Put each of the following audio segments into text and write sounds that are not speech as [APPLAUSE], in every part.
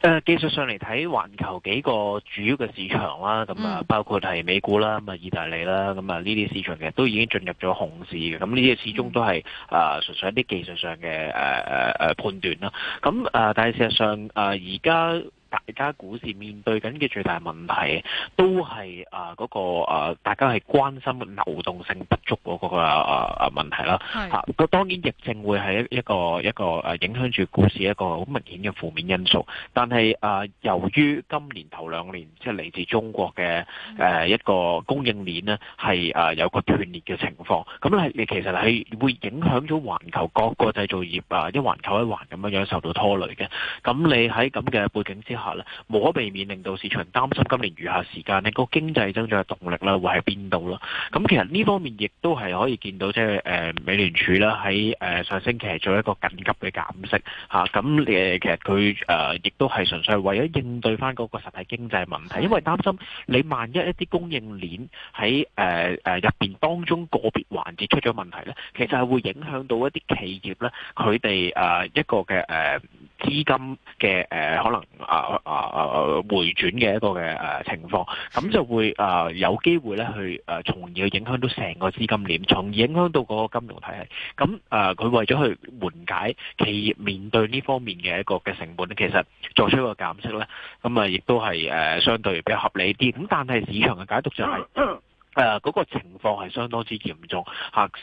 誒、呃、技術上嚟睇，環球幾個主要嘅市場啦，咁啊、嗯、包括係美股啦，咁啊意大利啦，咁啊呢啲市場其實都已經進入咗熊市嘅，咁呢啲始終都係啊純粹一啲技術上嘅誒誒誒判斷啦，咁啊但係、呃、事實上啊而家，呃現在大家股市面對緊嘅最大問題，都係啊嗰個啊，大家係關心流動性不足嗰個啊啊問題啦。係嚇，個當然疫症會係一一個一個誒影響住股市一個好明顯嘅負面因素。但係啊，由於今年頭兩年即係嚟自中國嘅誒一個供應鏈咧，係啊有個斷裂嘅情況。咁咧，你其實係會影響咗環球各個製造業啊，一環扣一環咁樣樣受到拖累嘅。咁你喺咁嘅背景之下，下咧，無可避免令到市場擔心今年餘下時間咧個經濟增長嘅動力咧會喺邊度啦？咁其實呢方面亦都係可以見到，即係誒美聯儲咧喺誒上星期係做一個緊急嘅減息嚇。咁誒其實佢誒亦都係純粹係為咗應對返嗰個實體經濟問題，因為擔心你萬一一啲供應鏈喺誒誒入邊當中個別環節出咗問題咧，其實係會影響到一啲企業咧佢哋誒一個嘅誒。資金嘅誒、呃、可能啊啊，啊回轉嘅一個嘅誒情況，咁就會啊有機會咧去誒、啊、從而去影響到成個資金鏈，從而影響到嗰個金融體系。咁誒佢為咗去緩解企業面對呢方面嘅一個嘅成本咧，其實作出一個減息咧，咁啊亦都係誒、啊、相對比較合理啲。咁但係市場嘅解讀就係、係。誒嗰、呃那個情況係相當之嚴重，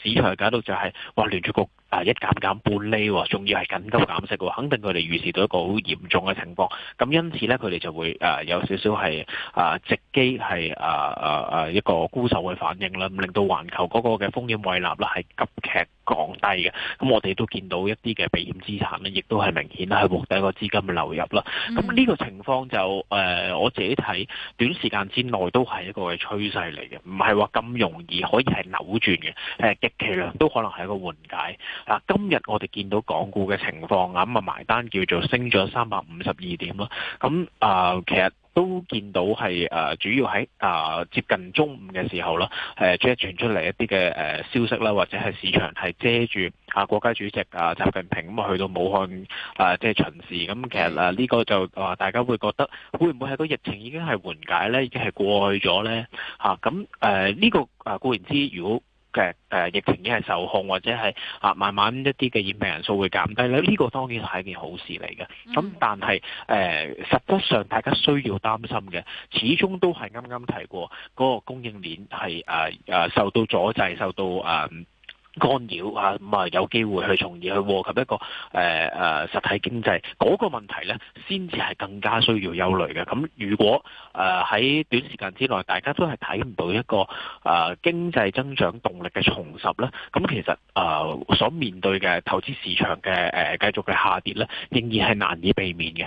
市場搞到就係、是、哇，聯儲局一減減半釐喎，仲要係緊急減息喎，肯定佢哋預示到一個好嚴重嘅情況，咁因此咧佢哋就會誒、呃、有少少係誒、呃、直機係誒誒一個沽售嘅反應啦，令到環球嗰個嘅風險胃納啦係急劇。降低嘅，咁我哋都見到一啲嘅避險資產咧，亦都係明顯去係獲得個資金嘅流入啦。咁呢個情況就誒、呃、我自己睇短時間之內都係一個嘅趨勢嚟嘅，唔係話咁容易可以係扭轉嘅。誒、呃、極其量都可能係一個緩解嗱、啊。今日我哋見到港股嘅情況啊，咁啊埋單叫做升咗三百五十二點啦。咁啊、呃、其實。都見到係誒，主要喺啊接近中午嘅時候啦，誒傳傳出嚟一啲嘅誒消息啦，或者係市場係遮住啊國家主席啊習近平咁啊去到武漢啊即係巡視，咁、嗯、其實啊呢、呢個就話大家會覺得會唔會係個疫情已經係緩解咧，已經係過去咗咧嚇？咁誒呢個啊固然之，如果嘅、啊、疫情已經係受控，或者係啊慢慢一啲嘅染病人數會減低咧，呢、這個當然係一件好事嚟嘅。咁但係誒、呃，實質上大家需要擔心嘅，始終都係啱啱提過嗰、那個供應鏈係誒誒受到阻滯，受到誒。啊干擾啊，咁啊有機會去從而去禍及一個誒誒、呃、實體經濟嗰、那個問題呢，先至係更加需要憂慮嘅。咁如果誒喺、呃、短時間之內大家都係睇唔到一個誒、呃、經濟增長動力嘅重拾呢，咁其實誒、呃、所面對嘅投資市場嘅誒、呃、繼續嘅下跌呢，仍然係難以避免嘅。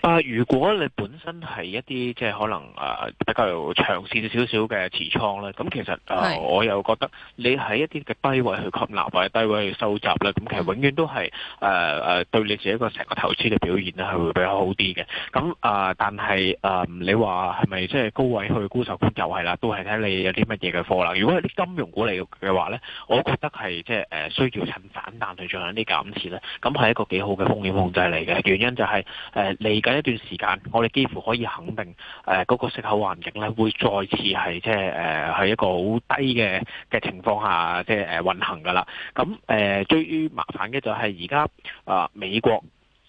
啊！如果你本身係一啲即係可能啊、呃、比較長線少少嘅持倉咧，咁其實啊、呃、是我又覺得你喺一啲嘅低位去吸納或者低位去收集咧，咁其實永遠都係誒誒對你自己一個成個投資嘅表現咧係會比較好啲嘅。咁啊、呃，但係啊、呃，你話係咪即係高位去沽手股又係啦，都係睇你有啲乜嘢嘅貨啦。如果係啲金融股嚟嘅話咧，我覺得係即係誒、呃、需要趁反彈去進行啲減持咧，咁係一個幾好嘅風險控制嚟嘅。原因就係誒你。呃嚟緊一段時間，我哋幾乎可以肯定，誒、呃、嗰、那個息口環境咧會再次係即係誒喺一個好低嘅嘅情況下，即係誒運行噶啦。咁誒最麻煩嘅就係而家啊美國。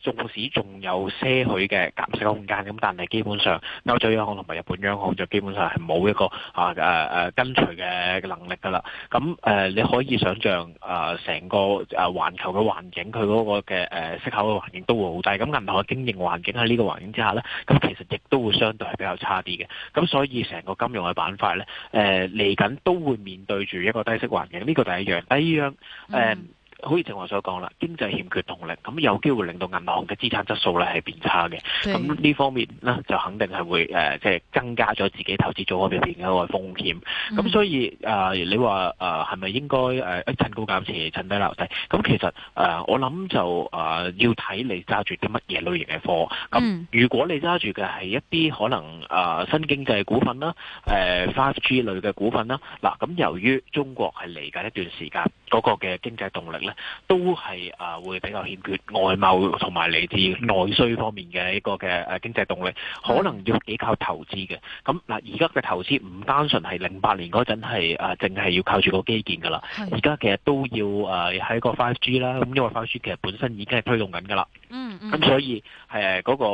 縱使仲有些許嘅減息空間，咁但係基本上歐洲央行同埋日本央行就基本上係冇一個啊誒、啊啊、跟隨嘅能力㗎啦。咁誒、啊、你可以想像誒成個環球嘅環境，佢嗰個嘅誒、啊、息口嘅環境都會好低。咁銀行嘅經營環境喺呢個環境之下呢，咁其實亦都會相對係比較差啲嘅。咁所以成個金融嘅板塊呢，誒嚟緊都會面對住一個低息環境。呢個第一樣，第二樣、嗯好似正話所講啦，經濟欠缺動力，咁有機會令到銀行嘅資產質素咧係變差嘅。咁呢對方面呢，就肯定係會誒，即、呃、係、就是、增加咗自己投資組合入面嘅一個風險。咁、嗯、所以誒、呃，你話誒係咪應該一、呃、趁高減持趁低留低？咁其實誒、呃，我諗就誒、呃、要睇你揸住啲乜嘢類型嘅貨。咁如果你揸住嘅係一啲可能誒、呃、新經濟股份啦、誒、呃、5G 類嘅股份啦，嗱、呃、咁由於中國係嚟緊一段時間嗰、那個嘅經濟動力咧。都係啊，會比較欠缺外貿同埋嚟自內需方面嘅一個嘅誒經濟動力，可能要幾靠投資嘅。咁嗱，而家嘅投資唔單純係零八年嗰陣係啊，淨係要靠住個基建噶啦。而家的其實都要誒喺個 5G 啦，咁因為 5G 其實本身已經係推動緊噶啦。嗯嗯。咁所以誒嗰個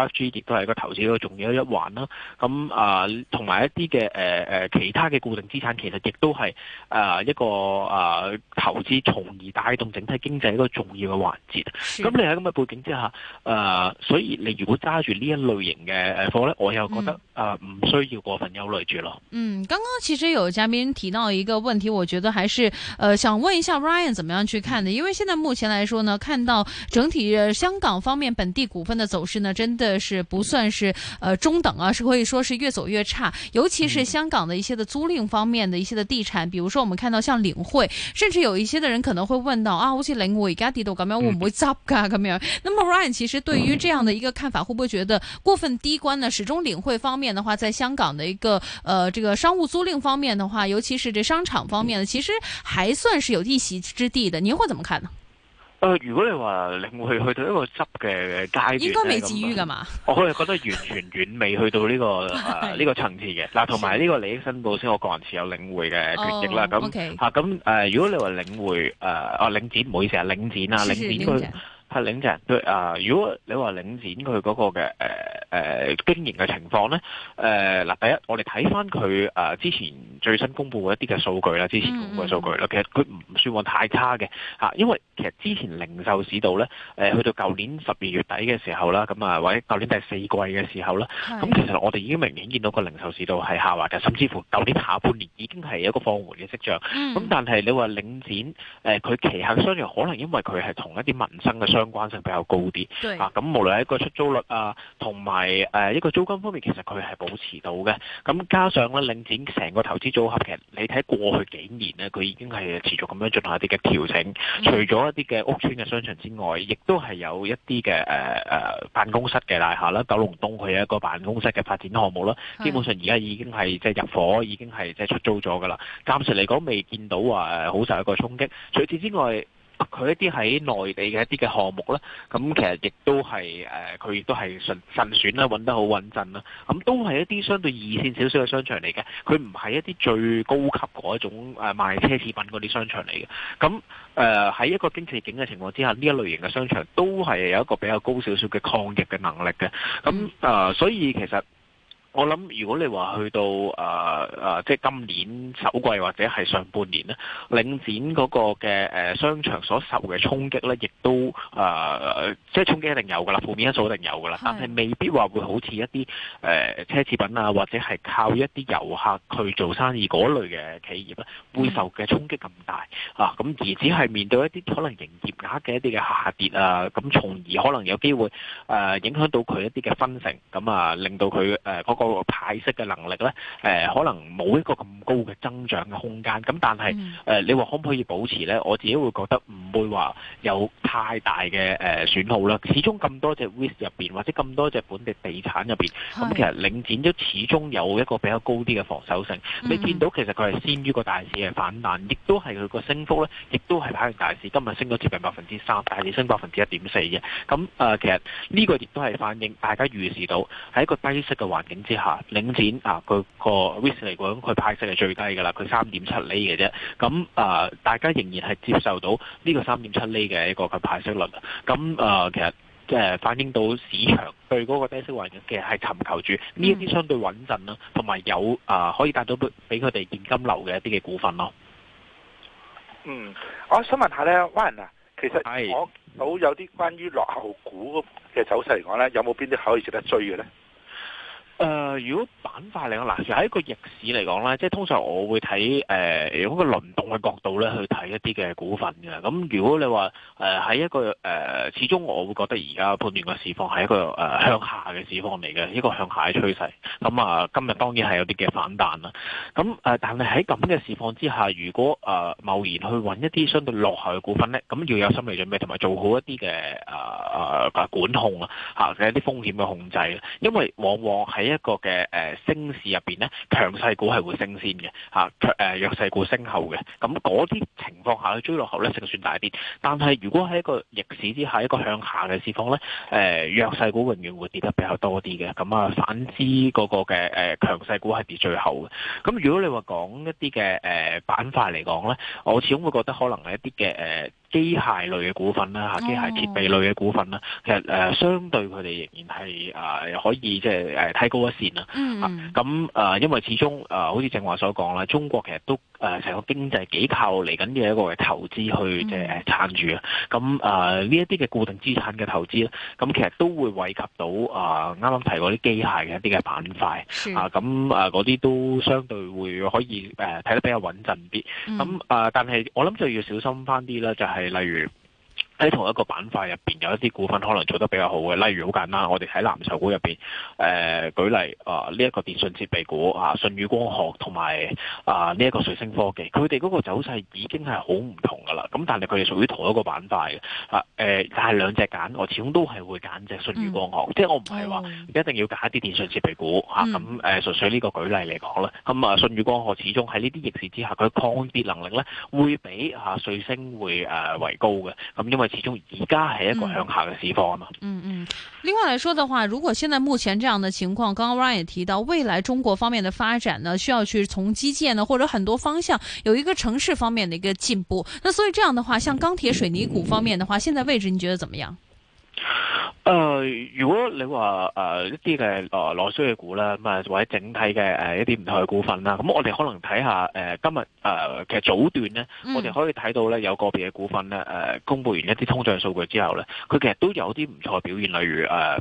5G 亦都係個投資個重要一環啦。咁啊，同埋一啲嘅誒誒其他嘅固定資產，其實亦都係啊一個啊投資，從而達帶動整體經濟一個重要嘅環節，咁是你喺咁嘅背景之下，誒、呃，所以你如果揸住呢一類型嘅誒貨呢，我又覺得誒唔、嗯呃、需要過分憂慮住咯。嗯，剛剛其實有嘉賓提到一個問題，我覺得還是誒、呃、想問一下 Ryan，怎麼樣去看呢？因為現在目前來說呢，看到整體香港方面本地股份嘅走勢呢，真的是不算是誒、呃、中等啊，是可以說是越走越差。尤其是香港的一些嘅租賃方面的一些嘅地產，嗯、比如說我們看到像領匯，甚至有一些嘅人可能會問。看到啊，好似領我而家地都咁樣，會唔會執噶咁樣？那麼 Ryan 其實對於這樣的一個看法，會不會覺得過分悲觀呢？始終領會方面的話，在香港的一個呃這個商務租賃方面的話，尤其是這商場方面呢，其實還算是有一席之地的。您會怎麼看呢？如果你話領匯去到一個執嘅階段，應該未至於噶嘛？我係覺得完全遠未 [LAUGHS] 去到呢、呢個呢、 [LAUGHS] 啊呢個層次嘅。嗱、啊，同埋呢個利益申報先，我個人持有領匯嘅權益啦。咁嚇咁誒，如果你話領匯誒，啊領展，唔好意思啊，領展啊，領展佢。係領展佢啊！如果你話領展佢嗰個嘅誒誒經營嘅情況咧，誒、呃、嗱第一，我哋睇翻佢誒之前最新公布嘅一啲嘅數據啦，之前公布嘅數據啦，其實佢唔算話太差嘅嚇，因為其實之前零售市道咧，誒、呃、去到舊年十二月底嘅時候啦，咁啊或者舊年第四季嘅時候啦，咁是其實我哋已經明顯見到個零售市道係下滑嘅，甚至乎舊年下半年已經係一個放緩嘅跡象。咁、嗯、但係你話領展誒佢旗下商場可能因為佢係同一啲民生嘅商業，相關性比較高啲，對啊咁，無論係一個出租率啊，同埋誒一個租金方面，其實佢係保持到嘅。咁、啊、加上咧，領展成個投資組合，其實你睇過去幾年咧，佢已經係持續咁樣進行一啲嘅調整。除咗一啲嘅屋村嘅商場之外，亦都係有一啲嘅誒誒辦公室嘅大廈啦，九龍東佢有一個辦公室嘅發展項目啦。是基本上而家已經係即係入伙，已經係即係出租咗噶啦。暫時嚟講，未見到話誒、呃、好受一個衝擊。除此之外。佢一啲喺內地嘅一啲嘅項目咧，咁其實亦都係誒，佢、呃、亦都係順順選啦，揾得好穩陣啦。咁、嗯、都係一啲相對二線少少嘅商場嚟嘅，佢唔係一啲最高級嗰一種誒、啊、賣奢侈品嗰啲商場嚟嘅。咁誒喺一個經濟景嘅情況之下，呢一類型嘅商場都係有一個比較高少少嘅抗逆嘅能力嘅。咁、嗯、誒、呃，所以其實。我諗，如果你話去到誒誒、呃，即係今年首季或者係上半年咧，領展嗰個嘅商場所受嘅衝擊咧，亦都誒、呃，即係衝擊一定有㗎啦，負面因素一定有㗎啦，但係未必話會好似一啲誒、呃、奢侈品啊，或者係靠一啲遊客去做生意嗰類嘅企業咧，會受嘅衝擊咁大、嗯、啊！咁而只係面對一啲可能營業額嘅一啲嘅下跌啊，咁從而可能有機會誒、呃、影響到佢一啲嘅分成，咁啊令到佢嗰、呃嗰個。個派息嘅能力咧，誒、呃、可能冇一個咁高嘅增長嘅空間。咁但係，誒、呃、你話可唔可以保持咧？我自己會覺得唔會話有。太大嘅誒、呃、損耗啦，始終咁多隻 w i s k 入邊，或者咁多隻本地地產入邊，咁是其實領展都始終有一個比較高啲嘅防守性。嗯、你見到其實佢係先於個大市嘅反彈，亦都係佢個升幅咧，亦都係反大市今日升咗接近百分之三，大市升百分之一點四嘅。咁誒、呃，其實呢個亦都係反映大家預示到喺一個低息嘅環境之下，領展啊佢、呃那個 w i s k，嚟講，佢派息係最低㗎啦，佢三點七厘嘅啫。咁誒、呃，大家仍然係接受到呢個三點七厘嘅一個派息率，咁誒其實即係反映到市場對嗰個低息環境其實係尋求住呢一啲相對穩陣啦，同埋有誒可以帶到俾佢哋現金流嘅一啲嘅股份咯。嗯，我想問一下咧，Vin 啊，其實我都有啲關於落後股嘅走勢嚟講咧，有冇邊啲可以值得追嘅咧？誒、呃，如果板塊嚟講，嗱，喺一個逆市嚟講咧，即係通常我會睇誒、呃、用一個輪動嘅角度咧去睇一啲嘅股份嘅。咁如果你話誒喺一個誒、呃，始終我會覺得而家判斷嘅市況係一個誒、呃、向下嘅市況嚟嘅，一個向下嘅趨勢。咁啊、呃，今日當然係有啲嘅反彈啦。咁誒、呃，但係喺咁嘅市況之下，如果誒貿、呃、然去揾一啲相對落後嘅股份咧，咁要有心理準備同埋做好一啲嘅誒管控啊嚇嘅一啲風險嘅控制，因為往往喺一個嘅誒升市入邊咧，強勢股係會升先嘅吓，強誒弱勢股升後嘅。咁嗰啲情況下去追落後咧，勝算大啲。但係如果喺一個逆市之下，一個向下嘅市況咧，誒、呃、弱勢股永遠會跌得比較多啲嘅。咁啊，反之嗰個嘅誒、呃、強勢股係跌最後嘅。咁如果你話講一啲嘅誒板塊嚟講咧，我始終會覺得可能係一啲嘅誒。呃機械類嘅股份啦嚇，機械設備類嘅股份啦，oh. 其實誒、呃、相對佢哋仍然係誒、呃、可以即係誒提高一線、mm hmm. 啊咁誒、呃、因為始終誒好似正話所講啦，中國其實都誒成、呃、個經濟幾靠嚟緊嘅一個投資去即係、呃 mm hmm. 撐住啊。咁誒呢一啲嘅固定資產嘅投資咧，咁、啊、其實都會惠及到誒啱啱提過啲機械嘅一啲嘅板塊、mm hmm. 啊。咁誒嗰啲都相對會可以誒睇、呃、得比較穩陣啲。咁誒、mm hmm. 啊、但係我諗就要小心翻啲啦，就係、是。例如。喺同一個板塊入邊有一啲股份可能做得比較好嘅，例如好簡單，我哋喺藍籌股入邊，誒、呃、舉例啊，呢一個電訊設備股啊，舜宇光學同埋啊呢一、這個瑞星科技，佢哋嗰個走勢已經係好唔同㗎啦。咁但係佢哋屬於同一個板塊嘅啊，誒、呃，但係兩隻揀，我始終都係會揀隻舜宇光學，嗯、即係我唔係話一定要揀一啲電訊設備股嚇。咁誒純粹呢個舉例嚟講啦。咁、嗯、啊舜宇光學始終喺呢啲逆市之下，佢抗跌能力咧會比啊瑞星會誒為、啊、高嘅。咁、嗯、因為其中，而家係一個向下嘅市況啊嘛。嗯嗯，嗯，另外來說的話，如果現在目前這樣的情況，剛剛 Ryan 也提到，未來中國方面的發展呢，需要去從基建呢或者很多方向有一個城市方面的一個進步。那所以這樣的話，像鋼鐵、水泥股方面的話，現在位置你覺得怎麼樣？誒、呃，如果你話誒、呃、一啲嘅誒落後嘅股啦，咁啊或者整體嘅誒、呃、一啲唔同嘅股份啦，咁我哋可能睇下誒、呃、今日誒、呃、其實早段咧，嗯、我哋可以睇到咧有個別嘅股份咧誒、呃、公佈完一啲通脹數據之後咧，佢其實都有啲唔錯嘅表現，例如誒。呃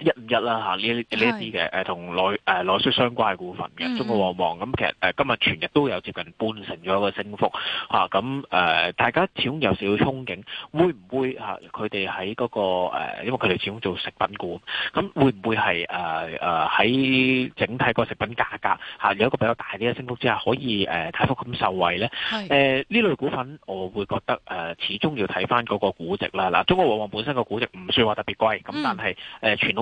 一五一啦，嚇呢呢啲嘅同內誒內需相關嘅股份嘅，嗯嗯，中國旺旺，咁其實今日全日都有接近半成咗個升幅，咁誒、啊啊、大家始終有少少憧憬，會唔會佢哋喺嗰個、啊、因為佢哋始終做食品股，咁、啊、會唔會係誒喺整體個食品價格嚇、啊、有一個比較大啲嘅升幅之下，可以誒大幅咁受惠咧？呢是、呃、類股份，我會覺得誒、啊、始終要睇翻嗰個估值啦。嗱，中國旺旺本身個估值唔算話特別貴，咁、嗯、但係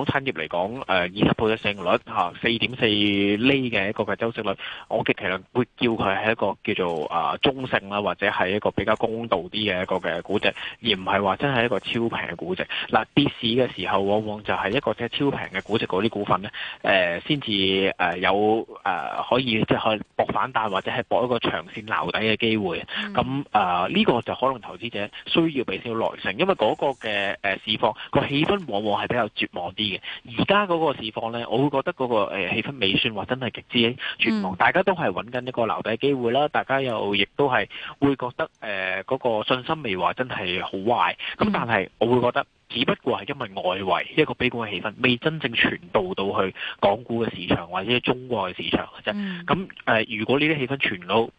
產業嚟講，誒二十倍嘅市盈率，嚇四點四厘嘅一個嘅周息率，我極其量會叫佢係一個叫做啊、呃、中性啦，或者係一個比較公道啲嘅一個嘅估值，而唔係話真係一個超平嘅估值。嗱、呃、跌市嘅時候，往往就係一個即係超平嘅估值嗰啲股份咧，誒先至誒有誒、呃、可以即係可以搏反彈，或者係搏一個長線留底嘅機會。咁誒呢個就可能投資者需要俾少耐性，因為嗰個嘅誒市況、個氣氛往往係比較絕望啲嘅。而家嗰個市況呢，我會覺得嗰個誒氣氛未算話真係極之絕望，嗯，大家都係揾緊一個留底機會啦。大家又亦都係會覺得誒嗰個信心未話真係好壞。咁、嗯、但係我會覺得，只不過係因為外圍一個悲觀嘅氣氛未真正傳導到去港股嘅市場或者中國嘅市場嘅啫。咁誒、嗯，如果呢啲氣氛傳到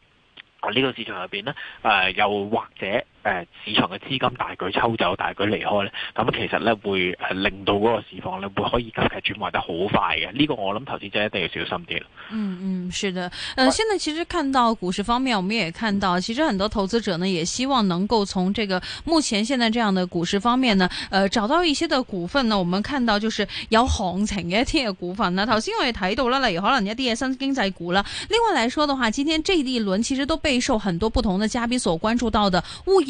呢個市場入邊呢，誒又或者。呃、市場嘅資金大舉抽走、大舉離開呢，咁其實呢，會令到嗰個市況呢，會可以急速轉化得好快嘅。呢，這個我諗投資者一定要小心啲。嗯嗯，是的。誒、呃，是現在其實看到股市方面，我們也看到，其實很多投資者呢，也希望能夠從這個目前現在這樣的股市方面呢，誒、呃，找到一些的股份呢。我們看到就是有行情嘅一啲嘅股份呢，頭先我哋睇到啦，例如可能一啲嘅新經濟股啦。另外來說的話，今天這一輪其實都備受很多不同的嘉賓所關注到的物業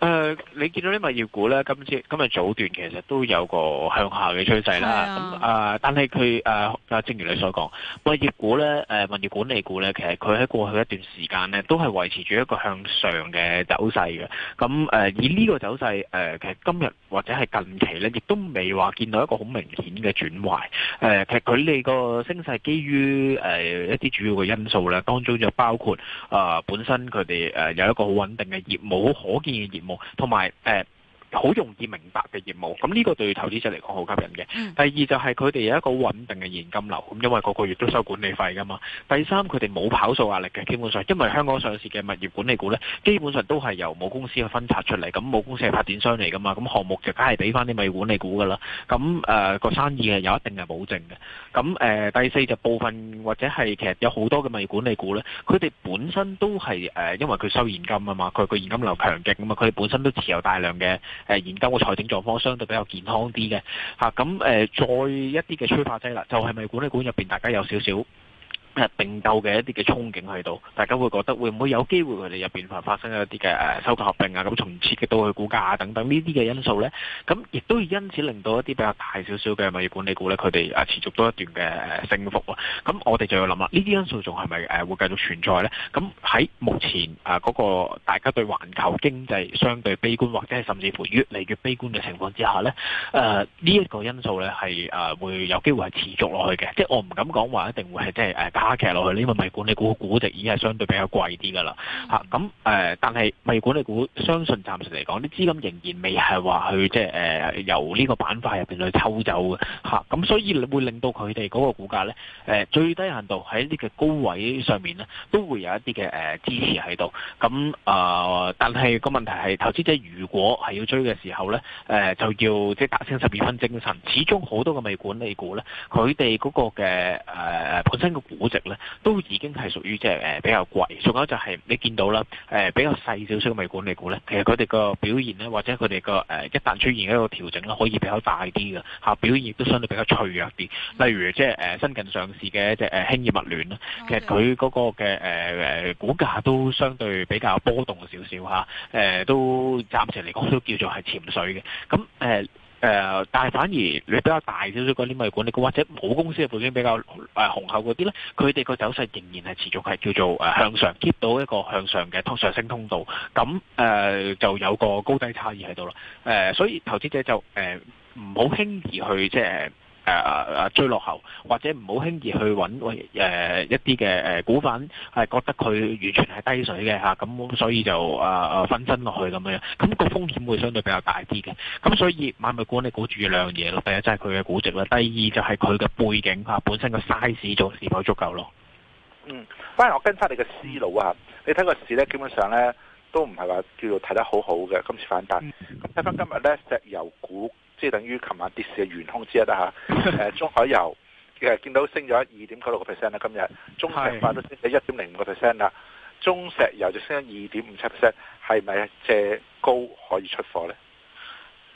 誒，你見到啲物業股咧，今次今日早段其實都有個向下嘅趨勢啦。咁啊，但係佢啊啊，正如你所講，物業股咧，誒物業管理股咧，其實佢喺過去一段時間咧，都係維持住一個向上嘅走勢嘅。咁誒，以呢個走勢誒，其實今日或者係近期咧，亦都未話見到一個好明顯嘅轉壞。誒，其實佢哋個升勢基於誒一啲主要嘅因素咧，當中就包括啊本身佢哋誒有一個好穩定嘅業務，好可見嘅業務。同埋好容易明白嘅業務，咁呢個對投資者嚟講好吸引嘅。第二就係佢哋有一個穩定嘅現金流，咁因為個個月都收管理費噶嘛。第三佢哋冇跑數壓力嘅，基本上因為香港上市嘅物業管理股呢，基本上都係由母公司去分拆出嚟，咁母公司係發展商嚟噶嘛，咁項目就梗係俾翻啲物業管理股噶啦。咁誒個生意係有一定係保證嘅。咁誒、呃、第四就部分或者係其實有好多嘅物業管理股呢，佢哋本身都係、呃、因為佢收現金啊嘛，佢個現金流強勁啊嘛，佢哋本身都持有大量嘅。誒研究個財政狀況相對比較健康啲嘅吓，咁誒再一啲嘅催化劑啦，就係、是、咪管理管入邊大家有少少？並購嘅一啲嘅憧憬喺度，大家會覺得會唔會有機會佢哋入邊發生一啲嘅誒收購合併啊？咁重設嘅到佢股價、啊、等等呢啲嘅因素咧，咁亦都因此令到一啲比較大少少嘅物業管理股咧，佢哋啊持續多一段嘅誒升幅咯。咁我哋就要諗啦，呢啲因素仲係咪誒會繼續存在咧？咁喺目前啊嗰個大家對環球經濟相對悲觀，或者係甚至乎越嚟越悲觀嘅情況之下咧，誒呢一個因素咧係誒會有機會係持續落去嘅。即係我唔敢講話一定會係即係誒壓落去，呢個咪管理股嘅估值已經係相對比較貴啲噶啦，吓，咁誒，但係咪管理股相信暫時嚟講，啲資金仍然未係話去即係誒由呢個板塊入邊去抽走嘅，吓、啊、咁所以會令到佢哋嗰個股價咧誒最低限度喺呢個高位上面咧，都會有一啲嘅誒支持喺度，咁、嗯、啊、呃，但係個問題係，投資者如果係要追嘅時候咧，誒、呃、就要即係打醒十二分精神，始終好多個未管理股咧，佢哋嗰個嘅誒、呃、本身個股。值咧都已經係屬於即係誒比較貴，仲有就係你見到啦誒、呃、比較細少少嘅管理股咧，其實佢哋個表現咧或者佢哋個誒一旦出現的一個調整咧，可以比較大啲嘅嚇，表現亦都相對比較脆弱啲。例如即係誒新近上市嘅一隻誒輕業物聯啦，其實佢嗰個嘅誒誒股價都相對比較波動少少嚇，誒、啊、都暫時嚟講都叫做係潛水嘅，咁、嗯、誒。呃誒、呃，但係反而你比較大少少嗰啲物業管理公司或者冇公司嘅背景比較誒雄、呃、厚嗰啲咧，佢哋個走勢仍然係持續係叫做、呃、向上，keep 到一個向上嘅上升通道。咁誒、呃、就有個高低差異喺度囉。誒、呃，所以投資者就誒唔好輕易去即係。呃誒誒誒，追、啊啊、落後或者唔好輕易去揾喂誒一啲嘅誒股份，係、啊、覺得佢完全係低水嘅吓，咁、啊、所以就誒誒分身落去咁樣，咁、啊咁個風險會相對比較大啲嘅，咁、啊、所以買賣管理股注意兩樣嘢咯，第一真係佢嘅估值啦，第二就係佢嘅背景吓、啊，本身個 size 仲是否足夠咯？嗯，反而我跟翻你嘅思路啊，你睇個市咧，基本上咧都唔係話叫做睇得很好好嘅今次反彈，睇翻、嗯、今日咧石油股。即係等於琴晚跌市嘅元兇之一啦嚇，誒中海油嘅見到升咗二點九六個 percent 啦，今日中石化都升咗一點零五個 percent 啦，中石油就升咗二點五七 percent，係咪借高可以出貨咧？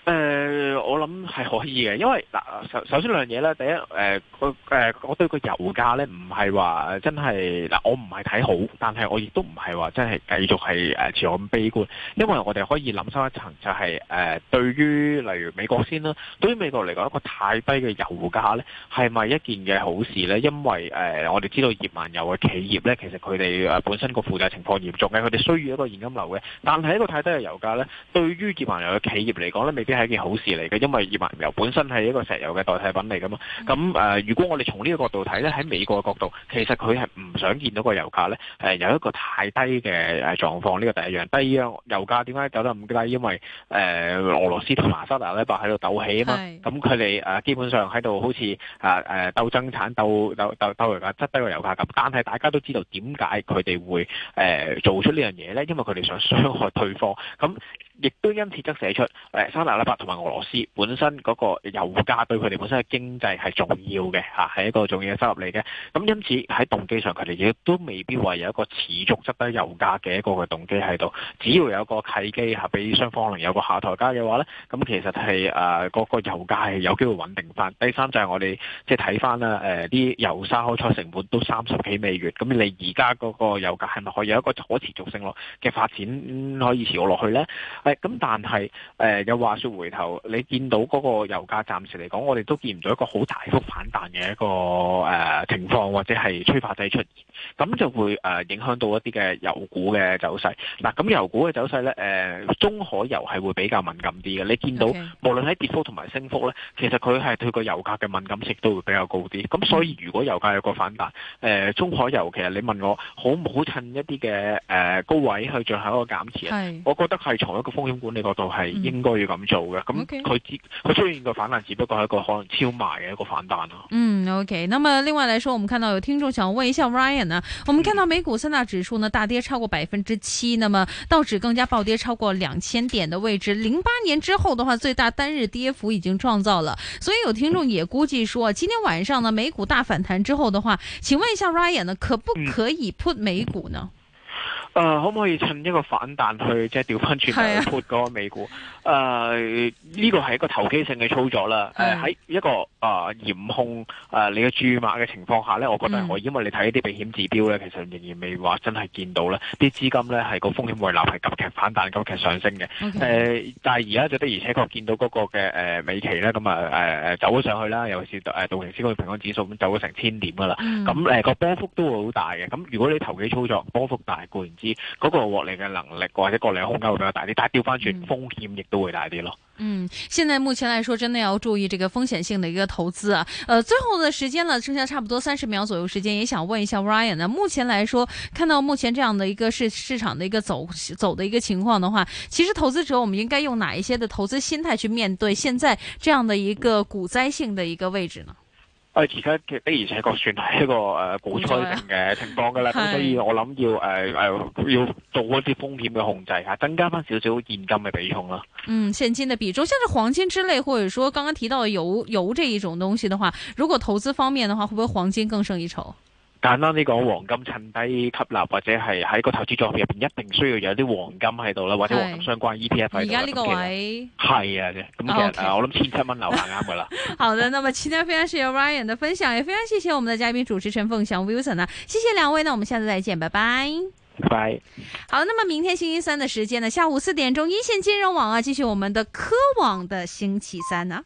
誒、呃，我諗係可以嘅，因為嗱首首先兩樣嘢咧，第一誒，我、呃、誒、呃，我對個油價咧唔係話真係嗱、呃，我唔係睇好，但係我亦都唔係話真係繼續係誒，似我咁悲觀。因為我哋可以諗深一層，就係、是、誒、呃，對於例如美國先啦，對於美國嚟講，一個太低嘅油價咧，係咪一件嘅好事咧？因為誒、呃，我哋知道頁岩油嘅企業咧，其實佢哋誒本身個負債情況嚴重嘅，佢哋需要一個現金流嘅，但係一個太低嘅油價咧，對於頁岩油嘅企業嚟講咧，未必。係一件好事嚟嘅，因為頁岩油本身係一個石油嘅代替品嚟噶嘛。咁誒、呃，如果我哋從呢個角度睇咧，喺美國嘅角度，其實佢係唔想見到個油價咧，誒、呃、有一個太低嘅誒狀況。呢、這個第一樣。第二樣，油價點解走得咁低？因為誒、呃、俄羅斯同埋沙特阿拉伯咧，就喺度鬥氣啊嘛。咁佢哋誒基本上喺度好似誒誒鬥增產、鬥鬥鬥鬥油價，執低個油價咁。但係大家都知道點解佢哋會誒、呃、做出這件事、呢樣嘢咧？因為佢哋想傷害對方。咁、嗯亦都因此，則寫出誒、啊，沙特阿拉伯同埋俄羅斯本身嗰個油價對佢哋本身嘅經濟係重要嘅，係一個重要嘅收入嚟嘅。咁因此喺動機上，佢哋亦都未必話有一個持續質低油價嘅一個嘅動機喺度。只要有一個契機嚇，俾、啊、雙方可能有個下台階嘅話咧，咁其實係誒嗰個油價係有機會穩定翻。第三就係我哋即係睇翻啦，誒、呃、啲油砂開採成本都三十幾美元。咁你而家嗰個油價係咪可以有一個可持續性咯嘅發展，、嗯、可以持續落去咧？咁，但係誒有話說回頭，你見到嗰個油價暫時嚟講，我哋都見唔到一個好大幅反彈嘅一個誒、呃、情況，或者係催化劑出現，咁就會誒、呃、影響到一啲嘅油股嘅走勢。嗱、呃，咁油股嘅走勢咧，誒、呃、中海油係會比較敏感啲嘅。你見到 Okay. 無論喺跌幅同埋升幅咧，其實佢係對個油價嘅敏感性都會比較高啲。咁所以如果油價有個反彈，誒、呃、中海油其實你問我好唔好趁一啲嘅誒高位去進行一個減持啊？是我覺得係從一個風險管理角度係應該要咁做嘅，咁佢只佢出現嘅反彈，只不過係一個可能超賣嘅一個反彈咯。嗯，OK。咁啊，嗯、okay, 另外嚟講，我們看到有聽眾想問一下 Ryan 呢、啊、我們看到美股三大指數呢，大跌超過百分之七，那啊，道指更加暴跌超過兩千點的位置，零八年之後的話最大單日跌幅已經創造了。所以有聽眾也估計說，今天晚上呢，美股大反彈之後的話，請問一下 Ryan 呢、啊，可不可以 put 美股呢？嗯誒、呃，可唔可以趁一個反彈去即係調翻轉嚟潑嗰個美股？誒是、啊呃、呢，這個係一個投機性嘅操作啦。誒是、啊呃，喺一個誒、呃、嚴控誒、呃、你嘅注碼嘅情況下咧，我覺得係可以、嗯、因為你睇啲避險指標咧，其實仍然未話真係見到咧，啲資金咧係個風險回流係急劇反彈、急劇上升嘅。誒 Okay、呃，但係而家就的而且確見到嗰個嘅誒、呃、美期咧，咁啊誒走咗上去啦，尤其是誒、呃、道瓊斯高平安指數咁走咗成千點噶啦，咁誒個波幅都會好大嘅。咁如果你投機操作，波幅大固然。嗰個獲利嘅能力，或者獲利嘅空間會比較大啲，但係調翻轉風險亦都會大啲咯。嗯，現在目前來說，真的要注意這個風險性的一個投資啊。啊呃，最後的時間了，剩下差不多三十秒左右時間，也想問一下 Ryan 呢。目前來說，看到目前這樣的一個市市場的一個走走的一個情況的話，其實投資者我們應該用哪一些的投資心態去面對現在這樣的一個股災性的一個位置呢？我哋而家的，的而且確算係一個誒股災型嘅情況㗎啦。啊、所以我諗要誒誒、呃呃、要做一啲風險嘅控制嚇，增加翻少少現金嘅比重啦。嗯，現金嘅比重，像是黃金之類，或者係說剛剛提到的油油這一種東西嘅話，如果投資方面嘅話，會不會黃金更勝一籌？簡單啲講，黃金趁低吸納或者係喺個投資作品入邊一定需要有啲黃金喺度啦，或者黃金相關 ETF。而家呢個位係的啊，咁其實我諗千七蚊樓下啱噶啦。好的，那麼今天非常謝謝 Ryan 的分享，也非常謝謝我們的嘉賓主持陳鳳翔 Wilson 啊，謝謝兩位呢，呢我們下次再見，拜拜。拜 Bye. 好，那麼明天星期三的時間呢，下午四點鐘，一線金融網啊，繼續我們的科網的星期三呢、啊。